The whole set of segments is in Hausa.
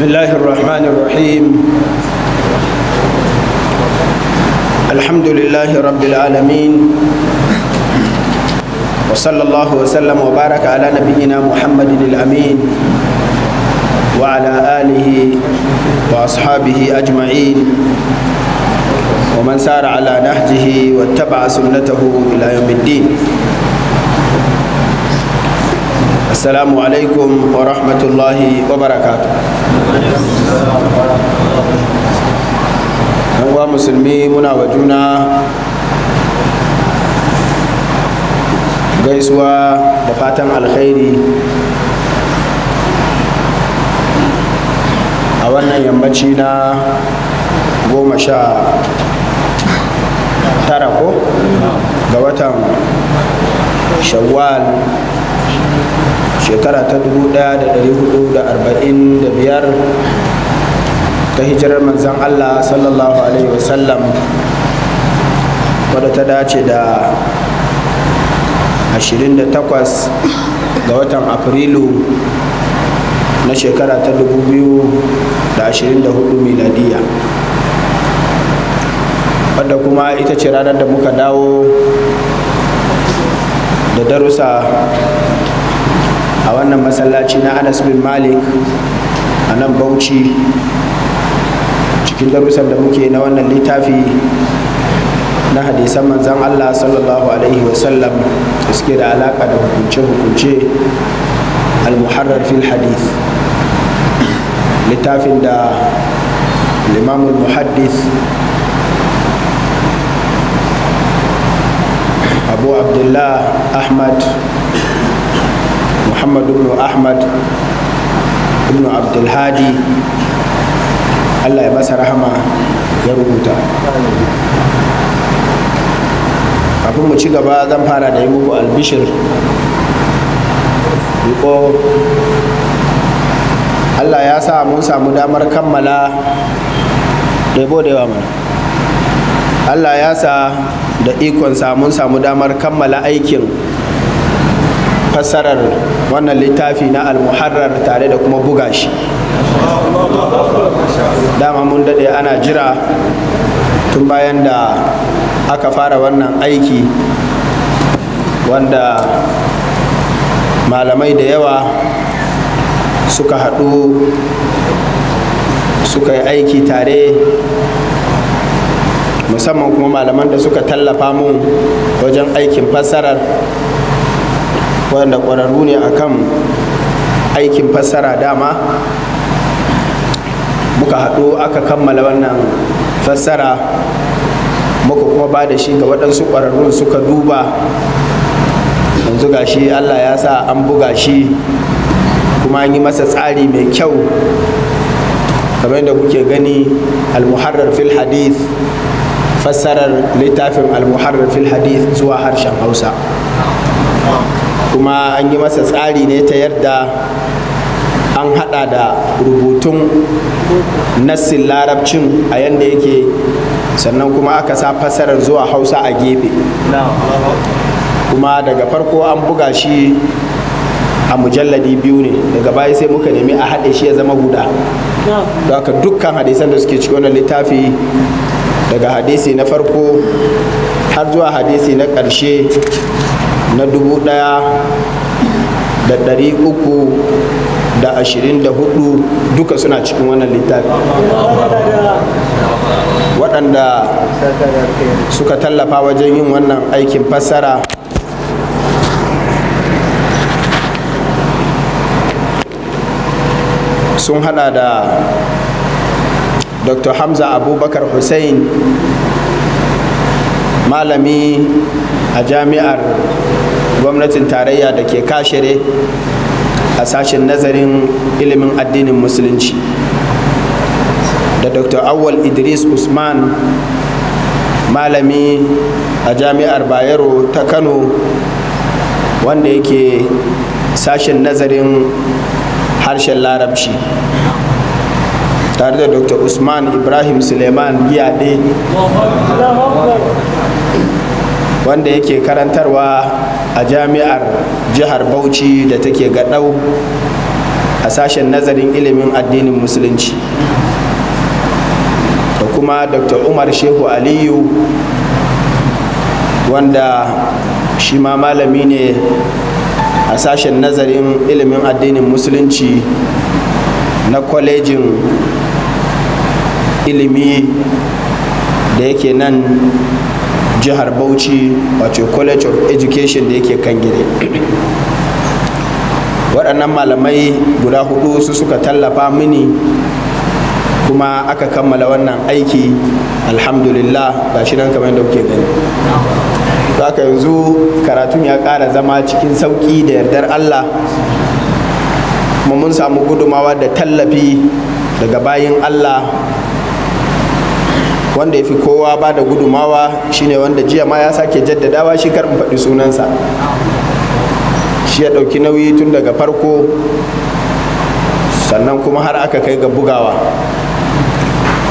بسم الله الرحمن الرحيم الحمد لله رب العالمين وصلى الله وسلم وبارك على نبينا محمد الأمين وعلى آله وأصحابه أجمعين ومن سار على نهجه واتبع سنته إلى يوم الدين السلام عليكم ورحمة الله وبركاته uwan musulmi muna wa juna gaisuwa da fatan alkhairi a wannan yammaci na goma sha tara ko ga watan shawwal shekara ta 1445 ta hijirar manzan allah sallallahu alaihi wasallam wadda ta dace da 28 ga watan afrilu na shekara ta 2024 miladiya wadda kuma ita ce ranar da muka dawo da darussa a wannan masallaci na anas bin malik a nan bauchi cikin darussan da muke na wannan littafi na hadisan manzan allah sallallahu alaihi wasallam da suke da alaka da hukunce-hukunce al-muharrar fil hadith littafin da limamul muhaddis abu abdullah ahmad محمد بن احمد بن عبد الهادي الله يمسى رحمه يا ربوتا kafin mu ci gaba zan fara da yi muku albishir riko allah ya sa mun samu damar kammala ɗebo da yawa mana allah ya sa da ikon mun samu damar kammala aikin fassarar wannan littafi na almuharrar tare da kuma buga shi dama mun daɗe ana jira tun bayan da aka fara wannan aiki wanda malamai da yawa suka haɗu suka yi aiki tare musamman kuma malaman da suka tallafa mun wajen aikin fassarar wanda kwararru ne akan aikin fassara dama muka haɗu aka kammala wannan fassara muka kuma ba da shi ga waɗansu kwararrun suka duba yanzu ga shi allah ya sa an buga shi kuma an yi masa tsari mai kyau kamar da kuke gani almuharrar fil hadith fassarar littafin almuharrar fil hadith zuwa harshen hausa kuma an yi masa tsari ne ta yadda an hada da rubutun nassin larabcin a yadda yake sannan kuma aka sa fasarar zuwa hausa a gefe kuma daga farko an buga shi a mujalladi biyu ne daga baya sai muka nemi a haɗe shi ya zama guda don dukkan hadisan da suke cikin wannan littafi daga hadisi na farko har zuwa hadisi na ƙarshe na dubu ɗaya da ɗari uku da ashirin da hudu duka suna cikin wannan littafi waɗanda suka tallafa wajen yin wannan aikin fassara sun hada da dr hamza abubakar hussein malami a jami'ar gwamnatin tarayya da ke kashere a sashen nazarin ilimin addinin musulunci da dr awal idris usman malami a jami'ar bayero ta kano wanda yake sashen nazarin harshen larabci tare da dr usman ibrahim suleiman giyaɗe wanda yake karantarwa a jami'ar jihar bauchi da take gaɗau a sashen nazarin ilimin addinin musulunci da kuma dr umar shehu aliyu wanda shi ma malami ne a sashen nazarin ilimin addinin musulunci na kwalejin ilimi da yake nan jihar bauchi wato college of education da yake kan gire waɗannan malamai guda hudu su suka tallafa mini kuma aka kammala wannan aiki alhamdulillah ga shi nan kamar yadda kuke gani haka yanzu karatun ya ƙara zama cikin sauƙi da yardar allah kuma mun samu gudumawa da tallafi daga bayan allah wanda ya fi kowa ba da gudumawa shine wanda jiya ma ya sake jaddadawa shi karɓin faɗi sunansa shi ya ɗauki nauyi tun daga farko sannan kuma har aka kai ga bugawa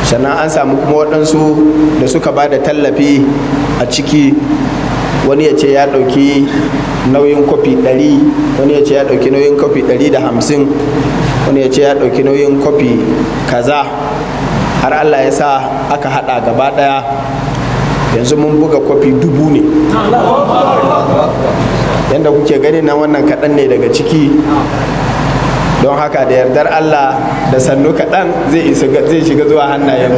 sannan an samu kuma waɗansu da suka ba da tallafi a ciki wani ya ce ya ɗauki nauyin kofi 100 wani ya ce ya ɗauki nauyin kofi 150 wani ya ce ya ɗauki nauyin kofi kaza har allah ya sa aka hada gaba daya yanzu mun buga kwafi dubu ne yadda kuke gani na wannan kaɗan ne daga ciki don haka da yardar allah da sannu kaɗan zai shiga zuwa hannayen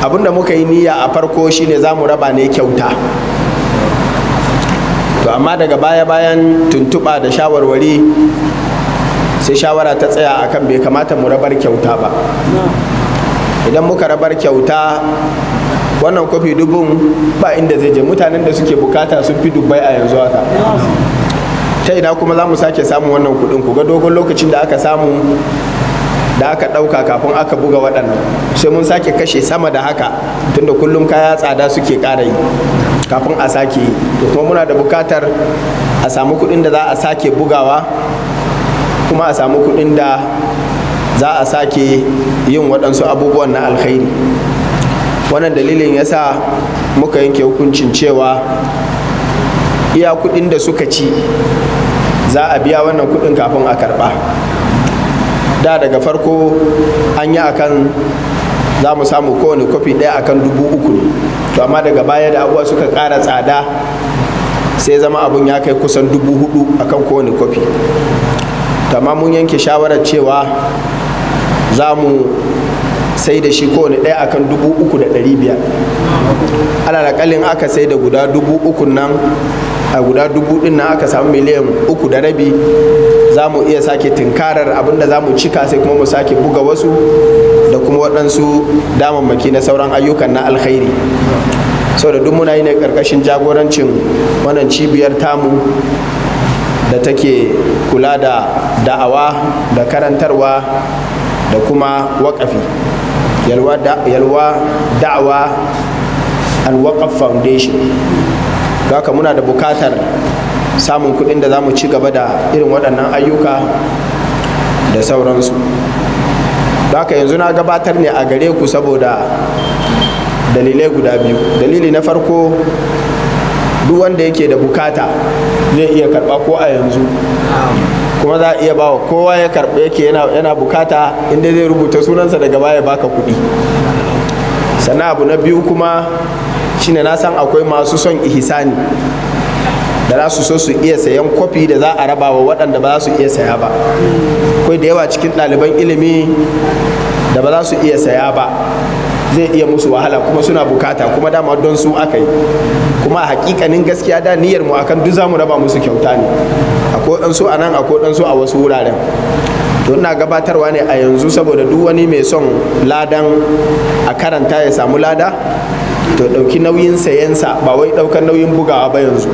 abinda muka yi niyya a farko shine za mu raba ne kyauta to amma daga baya-bayan tuntuɓa da shawarwari sai shawara ta tsaya akan bai kamata mu rabar kyauta ba idan muka rabar kyauta wannan kwafi dubun ba inda zai je mutanen da suke bukata sun fi dubbai a yanzu haka ta ina kuma za mu sake samun wannan kudin ku ga dogon lokacin da aka samu da aka ɗauka kafin aka buga waɗannan sai mun sake kashe sama da haka tunda kullum kaya tsada suke ƙara yi kafin a sake yi to kuma muna da buƙatar a samu kuɗin da za a sake bugawa kuma a samu kuɗin da za a sake yin waɗansu abubuwan na alkhairi wannan dalilin ya sa muka yanke hukuncin cewa iya kuɗin da suka ci za a biya wannan kuɗin kafin a karɓa da daga farko an yi akan za mu samu kowane kwafi ɗaya akan dubu uku ne to amma daga baya da abuwa suka ƙara tsada sai zama abun ya kai kusan dubu hudu akan kowane kwafi kama mun yanke shawarar cewa za mu sai da shi kowane ɗaya akan dubu uku da ɗari biyar alalakalin aka sai da guda dubu uku nan a guda dubu ɗin nan aka samu miliyan uku da rabi za mu iya sake tinkarar abinda za mu cika sai kuma mu sake buga wasu da kuma waɗansu damammaki na sauran ayyukan na alkhairi sau da duk muna yi ne ƙarƙashin jagorancin wannan cibiyar tamu da take kula da da'awa da karantarwa da kuma waƙafi yalwa da'awa wakaf foundation haka muna da bukatar samun kuɗin da za mu ci gaba da irin waɗannan ayyuka da sauransu don haka yanzu na gabatar ne a gare ku saboda dalilai guda biyu dalili na farko duk wanda yake da bukata zai iya karba ko a yanzu kuma za a iya bawa kowa ya karba yake yana bukata inda zai rubuta sunansa daga baya baka kuɗi sannan abu na biyu kuma shine na san akwai masu son ihisani da za su so su iya sayan kwafi da za a raba wa waɗanda ba za su iya saya ba akwai da yawa cikin ɗaliban ilimi da ba za su iya saya ba zai iya musu wahala kuma suna bukata kuma dama don su aka yi kuma a hakikanin gaskiya da niyyar mu akan duk zamu raba musu kyauta ne akwai dan su a nan akwai dan su a wasu wuraren to ina gabatarwa ne a yanzu saboda duk wani mai son ladan a karanta ya samu lada to dauki nauyin sayensa ba wai ɗaukar nauyin bugawa ba yanzu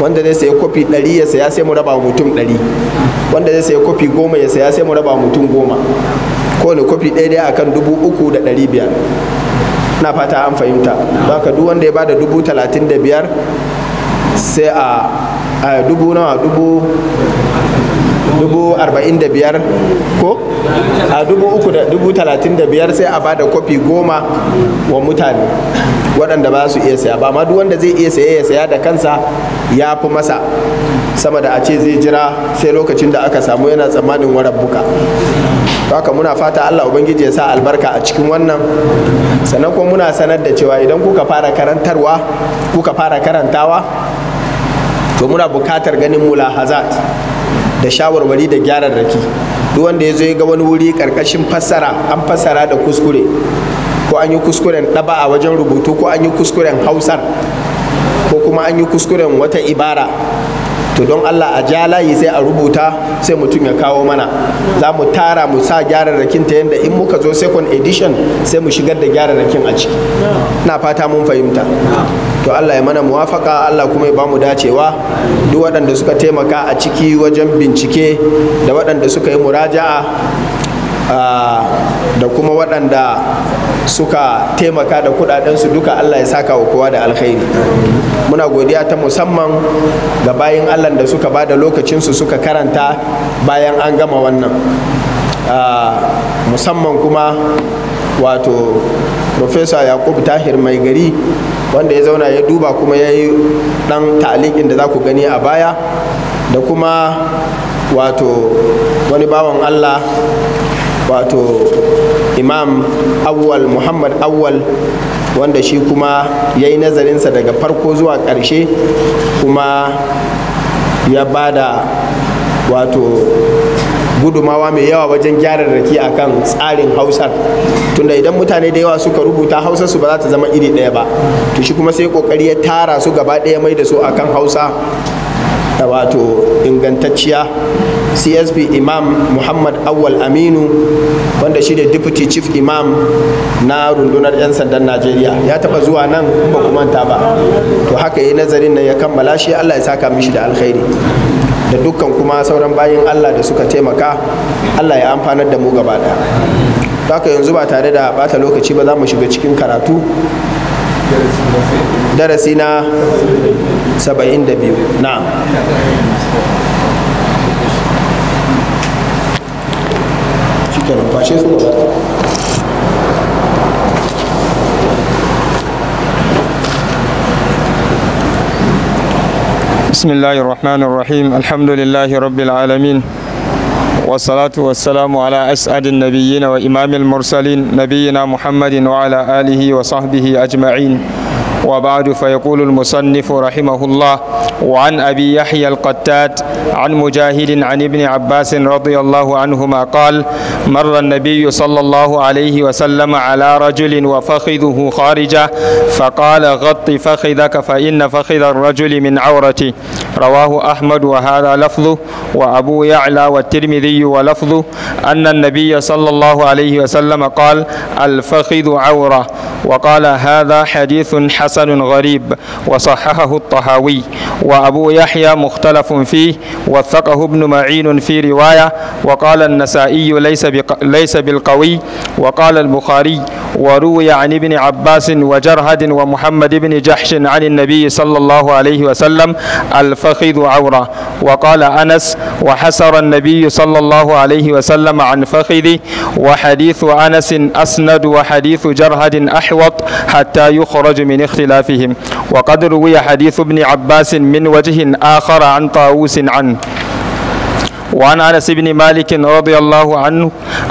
wanda zai sayi kofi 100 ya saya sai mu raba mutum 100 wanda zai sayi kofi 10 ya saya sai mu raba mutum 10 kowane kofi ɗaya ɗaya akan dubu uku da ɗari biyar na fata an fahimta ba ka duk wanda ya bada dubu talatin da biyar sai a dubu nawa dubu dubu ko a dubu uku dubu talatin da biyar sai a ba da kofi goma wa mutane waɗanda ba su iya saya ba ma duk wanda zai iya saya ya saya da kansa ya fi masa sama da a ce zai jira sai lokacin da aka samu yana tsammanin warar To haka muna fata Allah Ubangiji ya sa albarka a cikin wannan sannan kuma muna sanar da cewa idan kuka fara karantarwa kuka fara karantawa to muna bukatar ganin mulahazat da shawarwari da gyararraki duk wanda ya zo ya ga wani wuri karkashin fassara an fassara da kuskure ko an yi kuskuren daba a wajen rubutu ko an yi kuskuren hausar ko kuma an yi kuskuren wata ibara to don allah a ja layi sai a rubuta sai mutum ya kawo mana za mu tara mu sa gyararrakin ta yadda in muka zo second edition sai mu shigar da gyararrakin a ciki na fata mun fahimta to Allah ya mana muwafaka Allah kuma ya bamu dacewa duk waɗanda suka taimaka a ciki wajen bincike da waɗanda suka yi muraja'a da kuma waɗanda suka taimaka da kuɗaɗensu, duka Allah ya saka wa kowa da alkhairi muna godiya ta musamman ga bayan Allah da suka ba da lokacinsu suka karanta bayan an gama wannan musamman kuma wato profesa Yakubu tahir mai gari wanda ya zauna ya duba kuma ya yi dan ta'alikin da za ku gani a baya da kuma wato wani bawan allah wato imam awwal muhammad awwal wanda shi kuma ya yi nazarinsa daga farko zuwa ƙarshe kuma ya bada wato gudumawa mai yawa wajen a akan tsarin hausar tunda idan mutane da yawa suka rubuta hausar su ba za ta zama iri ɗaya ba to shi kuma sai kokari ya tara su gaba ɗaya mai da su akan hausa wato ingantacciya csp imam muhammad awal aminu wanda shi ne deputy chief imam na rundunar 'yan sandan najeriya ya taba zuwa nan ba kumanta ba to haka yi nazarin nan ya kammala shi allah ya saka mishi da alkhairi da dukkan kuma sauran bayin Allah da suka taimaka Allah ya amfanar da mu gaba ɗaya haka yanzu ba tare da bata lokaci ba za mu shiga cikin karatu darasi na 72 na. cikin fashe su بسم الله الرحمن الرحيم الحمد لله رب العالمين والصلاة والسلام على أسعد النبيين وإمام المرسلين نبينا محمد وعلى آله وصحبه أجمعين وبعد فيقول المصنف رحمه الله وعن أبي يحيى القتات عن مجاهد عن ابن عباس رضي الله عنهما قال مر النبي صلى الله عليه وسلم على رجل وفخذه خارجة فقال غط فخذك فإن فخذ الرجل من عورتي رواه أحمد وهذا لفظه وأبو يعلى والترمذي ولفظه أن النبي صلى الله عليه وسلم قال الفخذ عورة وقال هذا حديث حسن حسن غريب وصححه الطحاوي وأبو يحيى مختلف فيه وثقه ابن معين في رواية وقال النسائي ليس, ليس بالقوي وقال البخاري وروي عن ابن عباس وجرهد ومحمد بن جحش عن النبي صلى الله عليه وسلم الفخذ عورة وقال أنس وحسر النبي صلى الله عليه وسلم عن فخذه وحديث أنس أسند وحديث جرهد أحوط حتى يخرج من اختلاف خلافهم وقد روي حديث ابن عباس من وجه آخر عن طاووس عنه وعن أنس بن مالك رضي الله عنه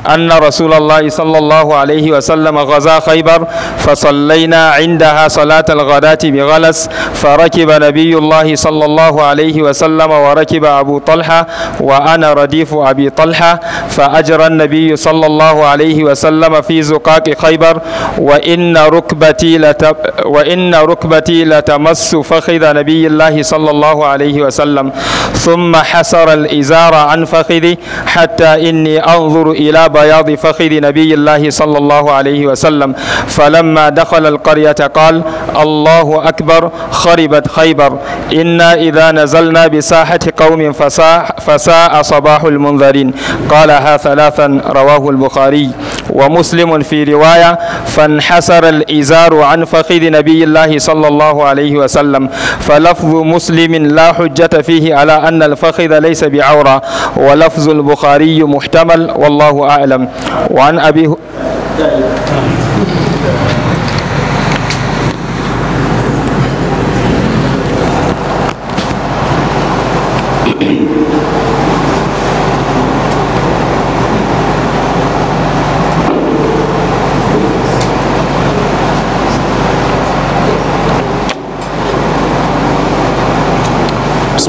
أن رسول الله صلى الله عليه وسلم غزا خيبر فصلينا عندها صلاة الغداة بغلس فركب نبي الله صلى الله عليه وسلم وركب أبو طلحة وأنا رديف أبي طلحة فأجر النبي صلى الله عليه وسلم في زقاق خيبر وإن ركبتي لتب وإن ركبتي لتمس فخذ نبي الله صلى الله عليه وسلم ثم حسر الإزار عن فخذي حتى إني أنظر إلى بياض فخذ نبي الله صلى الله عليه وسلم فلما دخل القرية قال الله أكبر خربت خيبر إنا إذا نزلنا بساحة قوم فساء, فساء صباح المنذرين قالها ثلاثا رواه البخاري ومسلم في رواية فانحسر الإزار عن فخذ نبي الله صلى الله عليه وسلم فلفظ مسلم لا حجة فيه على أن الفخذ ليس بعورة ولفظ البخاري محتمل والله أعلم وعن أبي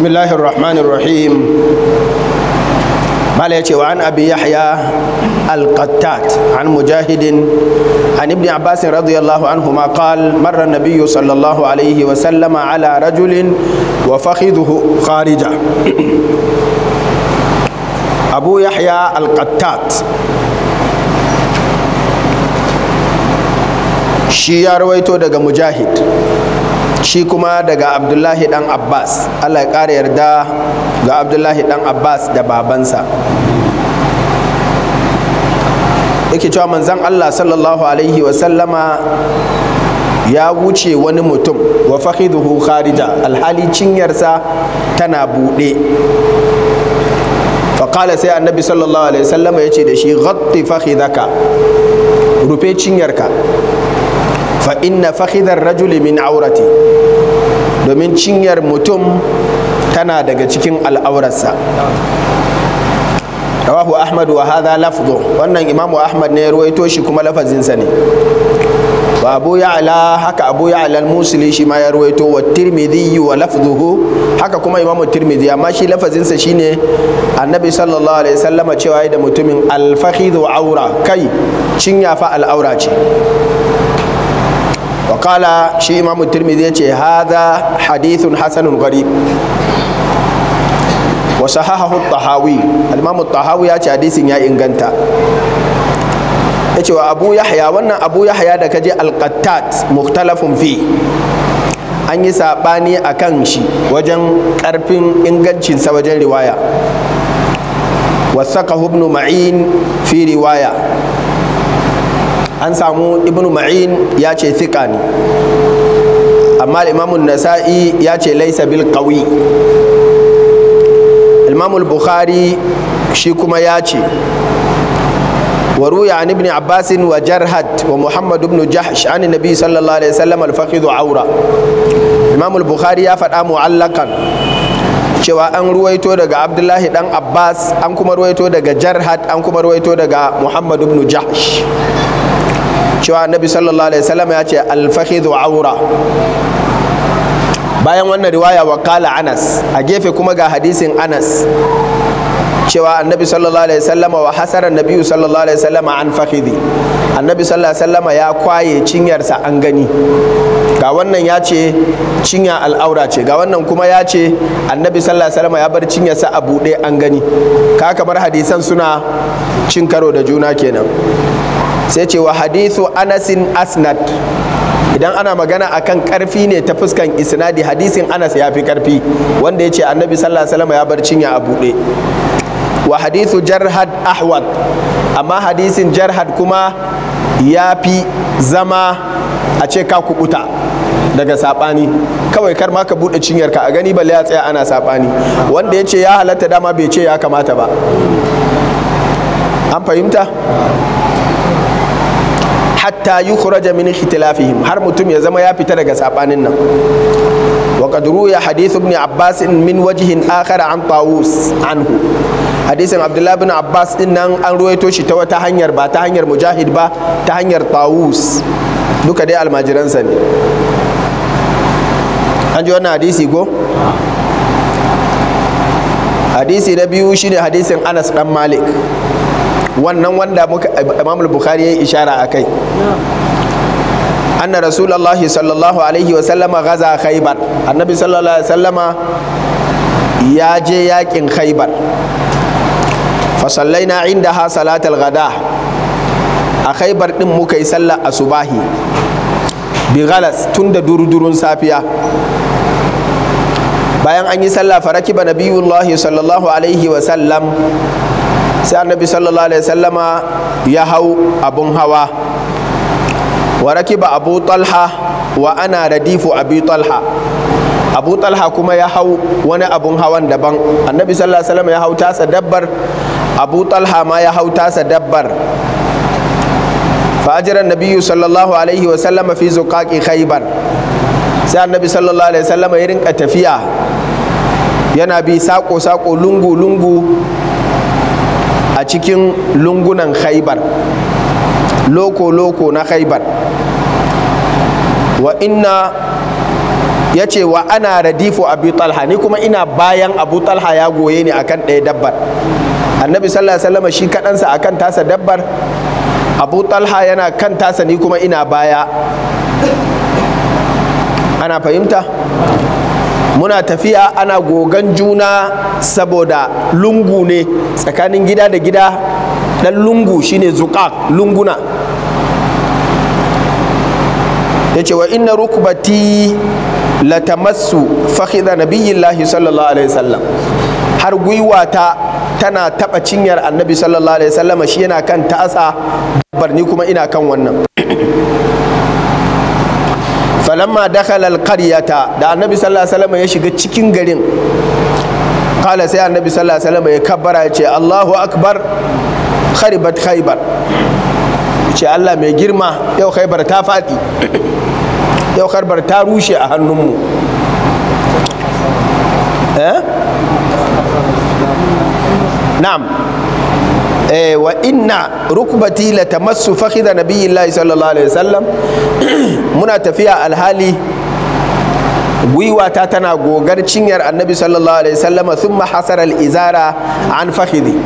bismillahir rahmanir rahim mala ya ce wa an abi yahya al-qattat an mujahidin an ibn abbas radiyallahu anhu ma qal marra nabiyyu sallallahu wa sallama ala rajulin wa fakhiduhu kharija abu yahya al-qattat shi ya rawaito daga mujahid shi kuma daga abdullahi dan abbas allah ya ƙara yarda ga abdullahi dan abbas da babansa yake cewa manzan allah sallallahu alaihi wasallama ya wuce wani mutum wa fahiduhu kharija alhali cinyarsa tana buɗe faƙala sai annabi sallallahu alaihi wasallama ya ce da shi ghatti fahidaka rufe cinyarka fa inna fakhidar rajuli min aurati domin cinyar mutum tana daga cikin al'aurarsa rawahu ahmad wa hadha lafdhu wannan imamu ahmad ne ruwaito shi kuma lafazinsa ne wa abu ya'la haka abu ya'la al-musli shi ma ya ruwaito wa tirmidhi wa lafdhuhu haka kuma imamu tirmidhi amma shi lafazinsa sa shine annabi sallallahu alaihi wasallama cewa da mutumin al-fakhidhu aura kai cinya fa al ce wa kala shi imamu tirmidhi ya ce hadha hadithun hasanun gharib wa sahahahu tahawi al tahawi ya ce hadisin ya inganta ya ce wa abu yahya wannan abu yahya da kaje al-qattat mukhtalafun fi an yi saɓani a kan shi wajen karfin ingancinsa wajen riwaya Wasu ka ibn ma'in fi riwaya an samu ibn ma'in ya ce thika ne amma imamun nasa'i ya ce laisa bil kawi imamul bukhari shi kuma ya ce وروي عن ابن عباس وجرهد ومحمد بن جحش عن النبي صلى الله عليه وسلم الفخذ عورة إمام البخاري يفتح معلقا cewa an ruwaito daga abdullahi dan abbas an kuma ruwaito daga jarhad an kuma ruwaito daga Muhammadu ibn jahsh cewa annabi sallallahu alaihi wasallam ya ce alfakhidhu aura bayan wannan riwaya wa kala anas a gefe kuma ga hadisin anas cewa annabi sallallahu alaihi wasallam wa hasara nabi sallallahu alaihi wasallam an fakhidhi annabi sallallahu alaihi wasallam ya kwaye cinyarsa an gani ga wannan ya ce cinya al'aura ce ga wannan kuma ya ce annabi sallallahu alaihi wasallam ya bar cinyarsa a buɗe an gani ka kamar hadisan suna cin karo da juna kenan sai ce wa hadithu anasin asnad idan ana magana akan karfi ne ta fuskan isnadi hadisin anas ya fi karfi wanda ya ce annabi sallallahu alaihi wasallam ya bar cinya a buɗe wa hadithu jarhad ahwad amma hadisin jarhad kuma ya fi zama a ce ka kubuta daga saɓani kawai kar ma ka buɗe cinyarka a gani balle ya tsaya ana saɓani wanda ya ce ya halatta dama bai ce ya kamata ba an fahimta hatta yi kuraja min khitilafihim har mutum ya zama ya fita daga sabanin nan wa qad ruya hadith ibn abbas min wajhin akhar an tawus anhu hadisin abdullahi bin abbas din nan an ruwaito toshi ta wata hanyar ba ta hanyar mujahid ba ta hanyar tawus duka dai almajiran sa ne an ji wannan hadisi ko hadisi na biyu shine hadisin anas dan malik wannan wanda muka imamul bukhari ya yi ishara a kai anna rasulullahi sallallahu alaihi wa sallama gaza khaybar annabi sallallahu alaihi wa sallama ya je yakin khaybar fa sallaina indaha salatal gada a khaybar din muka yi sallar asubahi bi galas tun da durudurun safiya bayan an yi sallah farakiba nabiyullahi sallallahu alaihi wa sallam sai annabi sallallahu alaihi sallama ya hau abun hawa wa rakiba abu talha wa ana radifu abu talha abu talha kuma ya hau wani abun hawan daban annabi sallallahu alaihi sallama ya hau tasa dabbar abu talha ma ya hau tasa dabbar فأجر النبي صلى الله عليه وسلم في زقاق خيبر sai annabi sallallahu alaihi wasallam ya rinka tafiya yana bi sako sako lungu lungu cikin lungunan haibar loko-loko na haibar wa inna ya ce wa ana radifu abu talha ni kuma ina bayan abu talha ya goye ni akan ɗaya dabbar annabi sallallahu alaihi wasallam shi kaɗansa akan tasa dabbar abu talha yana kan tasa ni kuma ina baya ana fahimta muna tafiya ana gogan juna saboda lungu ne tsakanin gida da gida dan lungu shine zuka lunguna ya ce wa inna rukubati latamassu fakhidha nabiyillahi sallallahu alaihi wasallam har gwiwata tana taɓa cinyar annabi sallallahu alaihi wasallam shi yana kan ta'asa barni kuma ina kan wannan falamma dakhala alqaryata da annabi sallallahu alaihi wasallam ya shiga cikin garin kala sai annabi sallallahu alaihi wasallam ya kabbara ya ce Allahu akbar kharibat khaybar ce Allah mai girma yau khaybar ta faɗi yau khaybar ta rushe a hannunmu eh na'am Eh, wa inna rukbati la tamassu fakhidha nabiyillahi sallallahu alaihi wasallam muna tafiya alhali gwiwata tana gogar cinyar annabi sallallahu alaihi wasallam thumma hasara al-izara an fakhidhi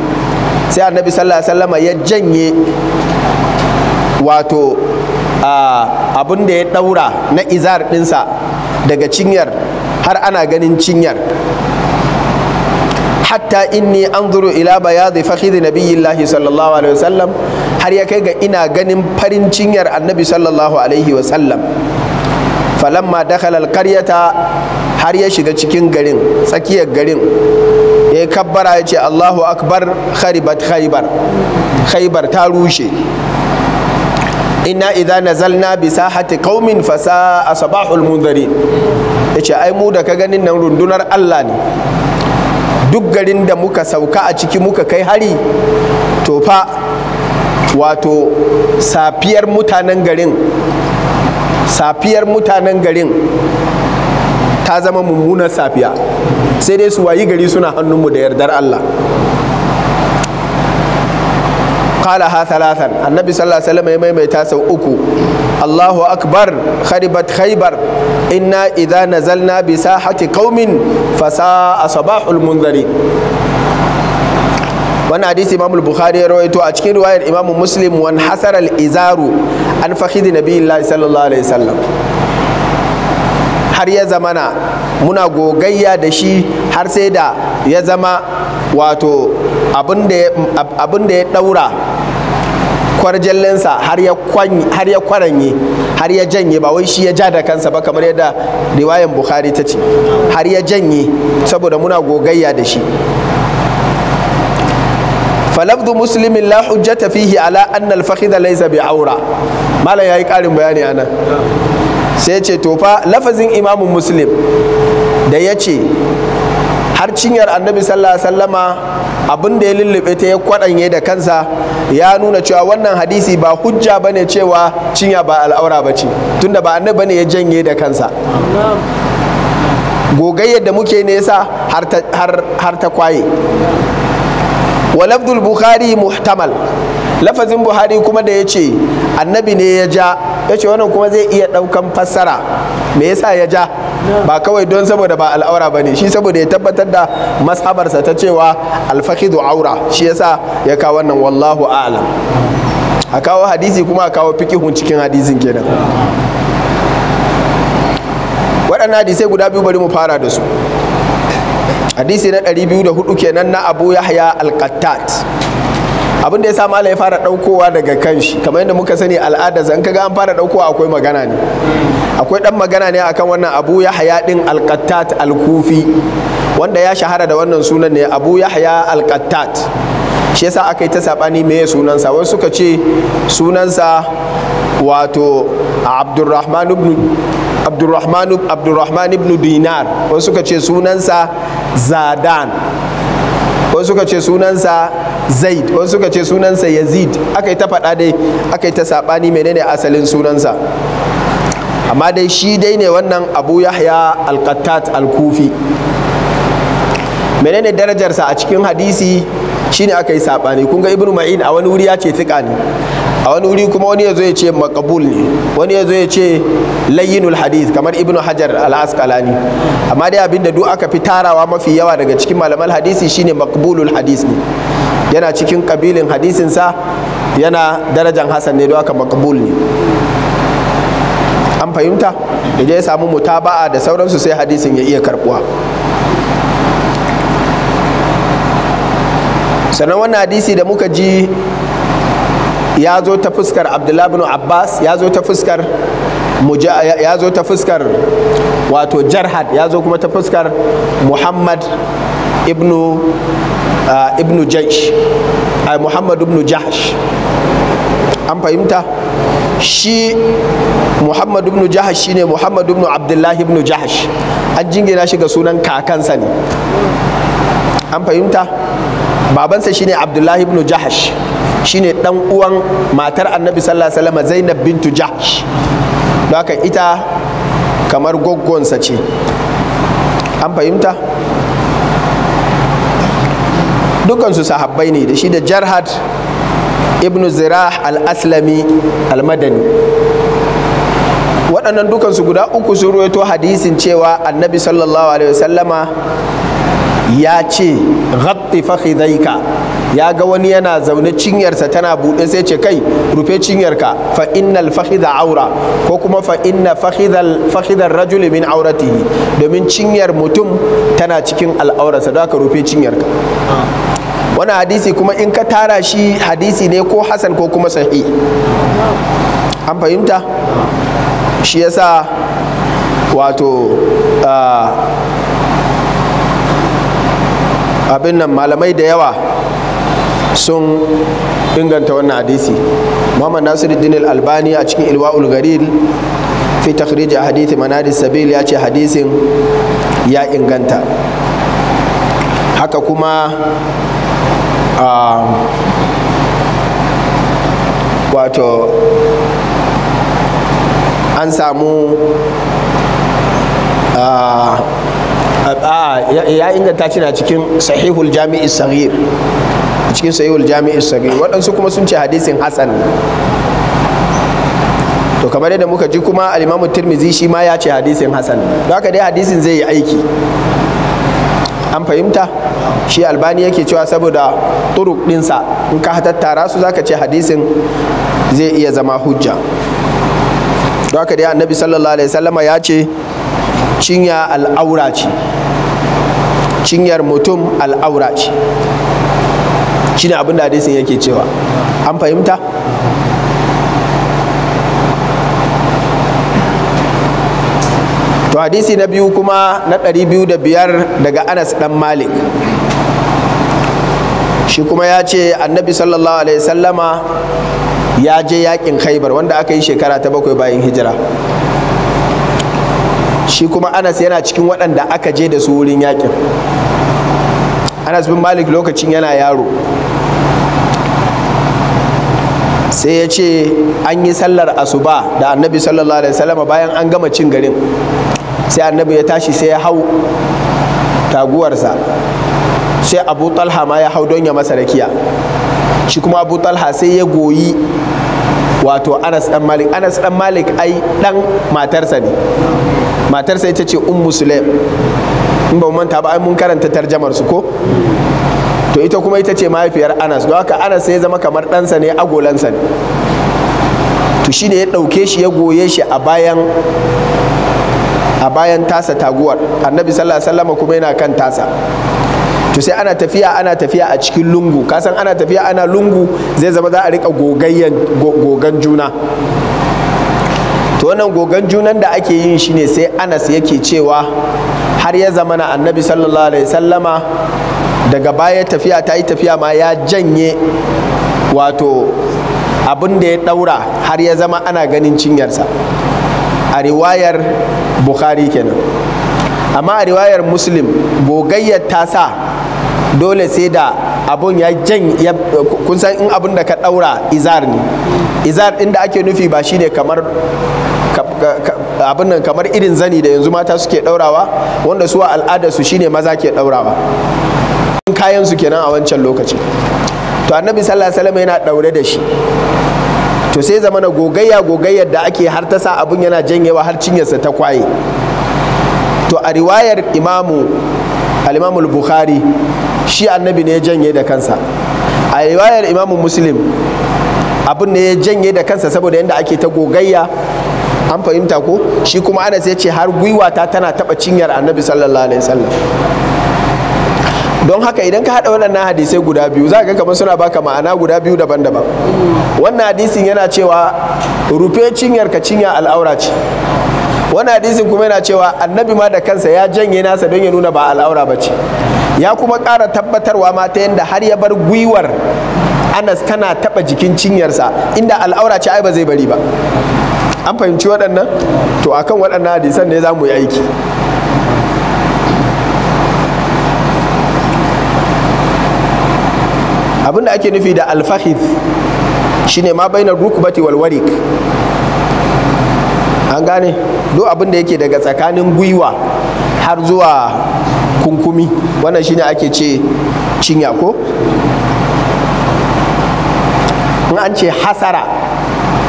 sai annabi sallallahu alaihi wasallam ya janye wato abin da ya daura na izar dinsa daga cinyar har ana ganin cinyar hatta inni anzuru ila bayadi da nabiyillahi sallallahu alaihi wasallam har ya kai ga ina ganin farin cinyar annabi sallallahu alaihi wasallam falamma dakhala alqaryata har ya shiga cikin garin tsakiyar garin ya kabbara ya ce Allahu akbar kharibat khaybar khaybar ta rushe inna idza nazalna bi sahati qaumin fasa asbahul munzirin yace ai mu da ka ganin nan rundunar Allah ne duk garin da muka sauka a ciki muka kai hari to fa wato safiyar mutanen garin safiyar mutanen garin ta zama mummunar safiya sai dai su wayi gari suna hannunmu da yardar Allah qala ha thalathan annabi sallallahu alaihi wasallam ya maimaita sau uku Allahu akbar kharibat khaybar inna idza nazalna bi sahati qaumin fa sa'a sabahul munzari wannan hadisi imamul bukhari ya rawaito a cikin riwayar imamu muslim wan hasar al-izaru an fakhidi nabiyyillahi sallallahu alaihi wasallam har ya zamana muna gogayya da shi har sai da ya zama wato abin da ya daura kwarjallinsa har ya kwaranye har ya janye ba wai shi ya ja da kansa ba kamar yadda riwayan bukhari ta ce har ya janye saboda muna gogayya da shi falabdu muslimin la hujjata fihi ala annal fakhidha laysa bi aura malam yayi karin bayani anan sai ce to fa lafazin imamun muslim da ya ce har cinyar annabi sallallahu alaihi wasallama da ya lullube ta ya kwadanye da kansa ya nuna cewa wannan hadisi ba hujja bane cewa cinya ba al'aura ba ce tunda ba annabi ne ya janye da kansa Gogai yadda muke nesa har ta kwaye walabdul bukhari muhtamal lafazin buhari kuma da ya ce annabi ne ya ja ya ce wannan kuma zai iya ɗaukan fassara me yasa ya ja ba kawai don saboda ba al'aura ba ne shi saboda ya tabbatar da masabarsa ta cewa alfakidu aura shi yasa ya kawo wannan wallahu a'lam a kawo hadisi kuma a kawo fikihun cikin hadisin kenan waɗannan hadisai guda biyu bari mu fara da su hadisi na 204 kenan na abu yahya al-qattat abin da ya sa malam ya fara daukowa daga kanshi kamar yadda muka sani al'ada zan kaga an fara daukowa akwai magana ne akwai dan magana ne akan wannan abu haya din alqattat alkufi wanda ya shahara da wannan sunan ne abu yahya alqattat shi yasa aka yi ta sabani me sunansa wai suka ce sunansa wato abdurrahman ibn abdurrahman ibn dinar wasu suka ce sunansa zadan wasu suka ce sunansa zaid wasu suka ce sunansa yazid aka yi ta faɗa dai aka yi ta saɓani menene asalin sunansa amma dai shi dai ne wannan abu yahya alkattat alkufi menene darajarsa a cikin hadisi shine aka yi saɓani kun ga ibnu ma'in a wani wuri ya ce tuƙa ne a wani wuri kuma wani ya zo ya ce makabul ne wani ya zo ya ce layyinul hadith kamar ibnu hajar al-asqalani amma dai abinda duk aka fi tarawa mafi yawa daga cikin malaman hadisi shine makbulul hadith ne yana cikin kabilin sa yana darajan hasan ne don aka makbul ne an fahimta idan ya samu mutaba'a da sauransu sai hadisin ya iya karbuwa sannan wannan hadisi da muka ji ya zo ta fuskar abdullahi bin abbas ya zo ta fuskar ya zo ta fuskar wato jarhad ya zo kuma ta fuskar muhammad ibnu uh, ibnu jaish muhammad ibnu jahash an fahimta shi muhammad ibnu jahash shine muhammad ibnu abdullahi ibnu jahash an jingina shi ga sunan kakansa ne an fahimta babansa shine abdullahi ibnu jahash shine dan uwan matar annabi sallallahu alaihi wasallam zainab bintu jahsh don haka ita kamar sa ce an fahimta dukansu sahabbai ne da shi da jarhad ibn zirah al-aslami al-madani waɗannan dukansu guda uku sun ruwaito hadisin cewa annabi sallallahu alaihi wasallama ya ce ghatti fakhidhaika ya ga wani yana zaune cinyarsa tana buɗe sai ce kai rufe cinyarka fa innal fakhidha aura ko kuma fa inna fakhidhal fakhidhar rajul min auratihi domin cinyar mutum tana cikin al'aurarsa don ka rufe cinyarka wani hadisi kuma in ka tara shi hadisi ne ko hasan ko kuma sahi an fahimta shi yasa wato ah, abin nan malamai da yawa sun inganta wannan hadisi muhammad nasiruddin al-albani a cikin ilwa'ul garil fi a hadithi manadis sabil ya ce hadisin ya inganta haka kuma wato an samu ya inganta cina cikin sahihul jami'i sahih cikin sahihul jami'i sahih waɗansu kuma sun ce hadisin hasan to kamar yadda muka ji kuma alimamu Turmizi shi ma ya ce hadisin hasan don haka dai hadisin zai yi aiki an fahimta shi albani yake cewa saboda turuk ɗinsa in ka tattara su zaka ce hadisin zai iya zama hujja don haka dai annabi sallallahu alaihi wasallama ya ce cinya al'aura ce cinyar mutum al'aura ce shi ne abin da hadisin yake cewa an fahimta to hadisi na biyu kuma na ɗari biyu da biyar daga anas ɗan malik shi kuma ya ce annabi sallallahu alaihi sallama ya je yakin khaibar wanda aka yi shekara ta bakwai bayan hijira shi kuma anas yana cikin waɗanda aka je da su wurin yakin anas bin malik lokacin yana yaro sai ya ce an yi sallar asuba da annabi sallallahu alaihi wasallam bayan an gama cin garin sai annabi ya tashi sai ya hau taguwarsa sai abu talha ma ya hau don ya masa rakiya shi kuma abu talha sai ya goyi wato anas dan malik anas dan malik ai dan matarsa ne matarsa ita ce ummu sulaim in ba manta ba ai mun karanta tarjamar su ko to ita kuma ita ce mahaifiyar anas don haka anas sai zama kamar ɗansa ne agolansa ne to shi ya ɗauke shi ya goye shi a bayan a bayan tasa taguwar annabi sallallahu alaihi wasallam kuma yana kan tasa to sai ana tafiya ana tafiya a cikin lungu kasan ana tafiya ana lungu zai zama za a rika gogan juna to wannan gogan junan da ake yin shi ne sai anas yake cewa har ya zama na annabi sallallahu alaihi sallama daga baya tafiya ta yi tafiya ma ya janye wato abin da ya daura har ya zama ana ganin cinyarsa a riwayar bukhari kenan amma a riwayar muslim gogayyar ta sa dole sai da abun ya jan kun san in abun da ka daura izar ne izar da ake nufi ba shine kamar abin nan kamar irin zani da yanzu mata suke daurawa wanda su al'ada su shine maza ke daurawa kayan su kenan a wancan lokaci to annabi sallallahu alaihi wasallam yana daure da shi to sai zamana gogayya gogayyar da ake har ta sa abin yana janyewa har cinyarsa ta kwaye to a riwayar imamu al-imamu al-bukhari shi annabi ne ya janye da kansa a riwayar imamu muslim abin ne ya janye da kansa saboda yanda ake ta gogayya an fahimta ko shi kuma anas ya ce har gwiwata tana taba cinyar annabi sallallahu alaihi wasallam don haka idan ka haɗa waɗannan hadisai guda biyu za ka kamar suna baka ma'ana guda biyu daban-daban wannan hadisin yana cewa rufe cinyar ka cinya al'aura ce wannan hadisin kuma yana cewa annabi ma da kansa ya janye nasa don ya nuna ba al'aura ba ya kuma ƙara tabbatarwa ma ta yadda har ya bar gwiwar anas tana taɓa jikin cinyarsa inda al'aura ce ai ba zai bari ba an fahimci waɗannan to a akan waɗannan hadisan ne za mu yi aiki abinda ake nufi da alfahid shine ma bainar rukbati wal warik an gane duk abinda da yake daga tsakanin gwiwa har zuwa kunkumi wannan shine ake ce cinya ko in an ce hasara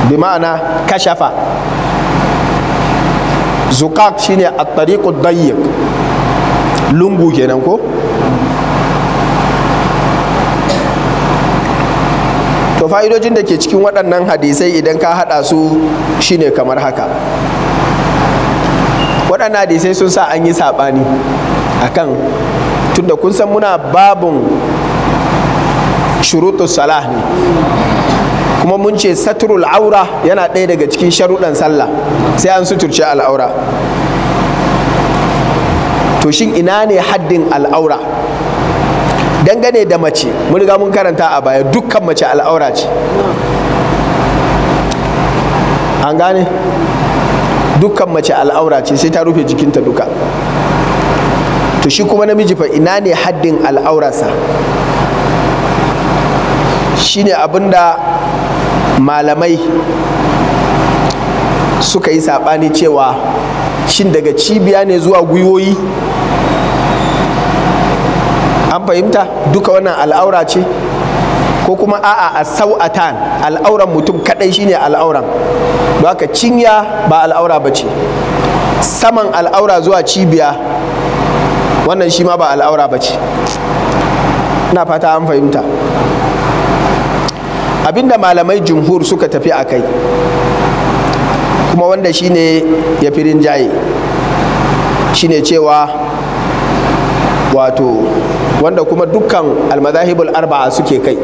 bi ma'ana kashafa zukak shine at-tariqu dayyiq lungu kenan ko to fa'idojin da ke cikin waɗannan hadisai idan ka haɗa su shine kamar haka waɗannan hadisai sun sa an yi saɓani akan tunda kun san muna babun shurutu salah ne kuma mun ce satrul aura yana ɗaya daga cikin sharuɗan sallah sai an suturce al'aura to shin ina ne haddin al'aura dangane da mace mun riga mun karanta a baya dukkan mace al'aura ce an gane dukkan mace al'aura ce sai ta rufe jikinta duka to shi kuma namiji fa ina ne haddin al'aurarsa shine abinda malamai suka yi saɓani cewa shin daga cibiya ne zuwa gwiwoyi an fahimta duka wannan al'aura ce ko kuma a'a a sau'atan al'auran mutum kadai shine al'auran Ba ka cinya ba al'aura ba ce saman al'aura zuwa cibiya wannan shi ma ba al'aura ba ce ina fata an fahimta abinda malamai jumhur suka tafi a kai kuma wanda shine ya fi rinjaye shine cewa wato wanda kuma dukkan almazahibul arba'a suke kai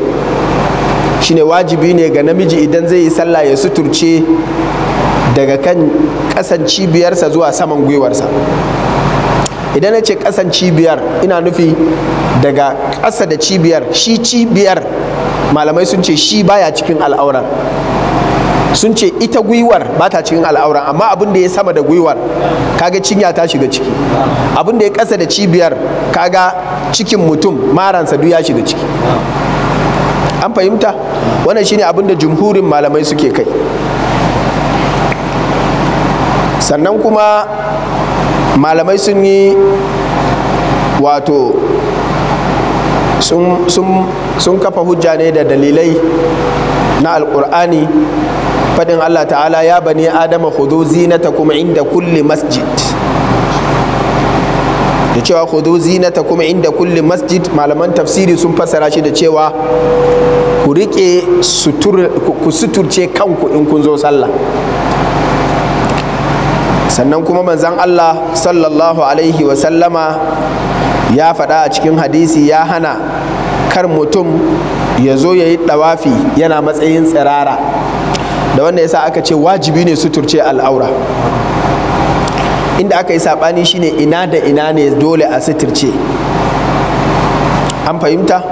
shine wajibi ne ga namiji idan zai yi sallah ya suturce daga kan kasan cibiyarsa zuwa saman gwiwarsa idan na ce kasan cibiyar ina nufi daga ƙasa da cibiyar shi cibiyar malamai sun ce shi baya cikin al'auran sun ce ita gwiwar ba ta cikin al'aura, amma abin da ya sama da gwiwar kaga cinya ta shiga ciki abin da ya kasa da cibiyar kaga cikin mutum maransa duk ya shiga ciki an fahimta wannan shine abin da jumhurin malamai suke kai sannan kuma malamai sun yi wato sun kafa hujja ne da dalilai na alkur'ani fadin allah ta'ala ya bani adama hudu zinata kuma inda kulli masjid da cewa hudu zinata kuma inda kulli masjid malaman tafsiri sun fassara shi da cewa ku rike ku suturce kanku in kun zo sallah sannan kuma manzan allah sallallahu alaihi wasallama ya faɗa a cikin hadisi ya hana kar mutum ya zo ya yi ɗawafi yana matsayin tsirara da wanda ya sa aka ce wajibi ne suturce al'aura inda aka yi saɓani shine ina da ina ne dole a suturce an fahimta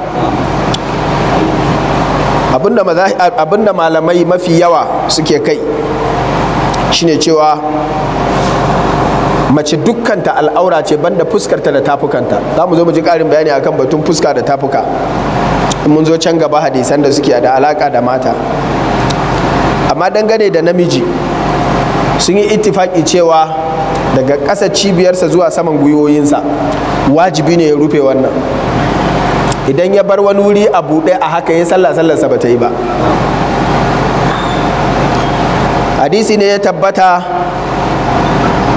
abinda malamai mafi yawa suke kai shine cewa mace dukkanta al'aura ce banda fuskarta da tafukanta za mu zo mu ji karin bayani akan batun fuska da tafuka mun zo can gaba hadisan da suke da alaka da mata amma dangane da namiji sun yi ittifaki cewa daga ƙasa cibiyarsa zuwa saman gwiwoyinsa wajibi ne ya rufe wannan idan ya bar wani wuri a buɗe a haka ya sallah sallarsa ba ta yi ba hadisi ne ya tabbata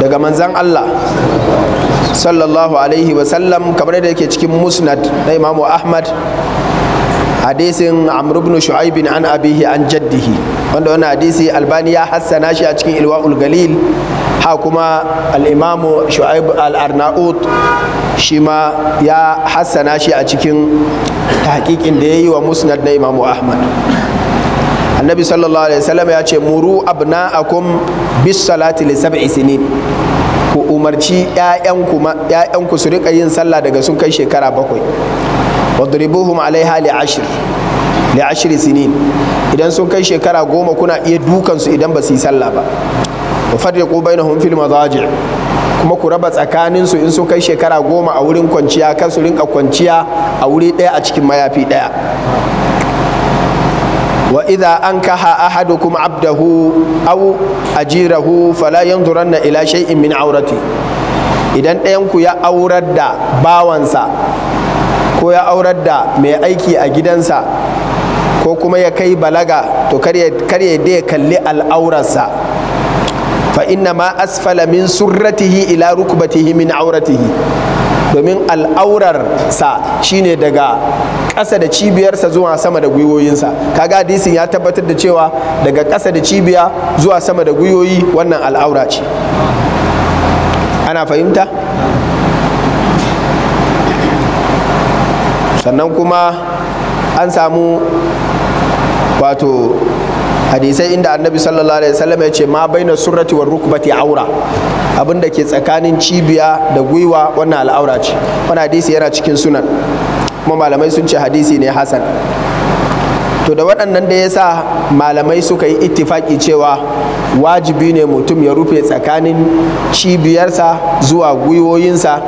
daga manzan Allah sallallahu alaihi wasallam kamar da yake cikin musnad na imamu ahmad hadisin amr ibn shu'aibin an abihi an jaddihi wanda wani hadisi albani ya hassana shi a cikin ilwa'ul galil ha kuma al'imamu shu'aib al'arnaut shi ma ya hassana shi a cikin tahqiqin da ya yi wa musnad na imamu ahmad annabi sallallahu alaihi wasallam ya ce muru akum bis salati li sab'i sinin ku umarci ‘ya'yanku su rika yin sallah daga sun kai shekara bakwai wadribuhum alaiha li ashr li ashr sinin idan sun kai shekara goma kuna iya dukansu idan ba su yi sallah ba wa fariqu bainahum fil madaji' kuma ku raba tsakanin su in sun kai shekara goma a wurin kwanciya kar su rinka kwanciya a wuri ɗaya a cikin mayafi ɗaya wa idza ankaha ahadukum abdahu aw ajirahu fala yanzuranna ila shay'in min aurati idan ɗayanku ya aurar da bawansa ko ya aurar da mai aiki a gidansa ko kuma ya kai balaga to kar ya dai kalli al'aurarsa fa inna ma asfala min surratihi ila rukbatihi min auratihi domin al'aurar sa shine daga ƙasa da cibiyarsa zuwa sama da gwiwoyinsa kaga hadisin ya tabbatar da cewa daga ƙasa da cibiya zuwa sama da gwiwoyi wannan al'aura ce ana fahimta sannan kuma an samu wato hadisai inda annabi sallallahu alaihi wasallam ya ce ma bai na surati wa rukbati aura abin da ke tsakanin cibiya da gwiwa wannan al'aura ce wani hadisi yana cikin sunan kuma malamai sun ce hadisi ne hasan to da waɗannan da ya sa malamai suka yi ittifaki cewa wajibi ne mutum ya rufe tsakanin cibiyarsa zuwa gwiwoyinsa